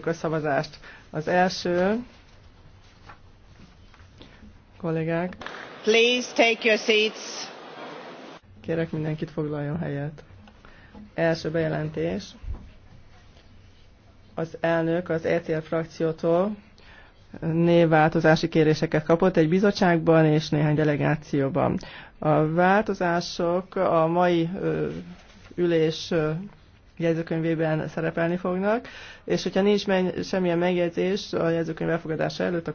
kezdjük a szavazást. Az első, kollégák. Please take your seats. Kérek mindenkit foglaljon helyet. Első bejelentés. Az elnök az ETL frakciótól névváltozási kéréseket kapott egy bizottságban és néhány delegációban. A változások a mai ülés jegyzőkönyvében szerepelni fognak, és hogyha nincs semmilyen megjegyzés a jegyzőkönyv elfogadása előtt, akkor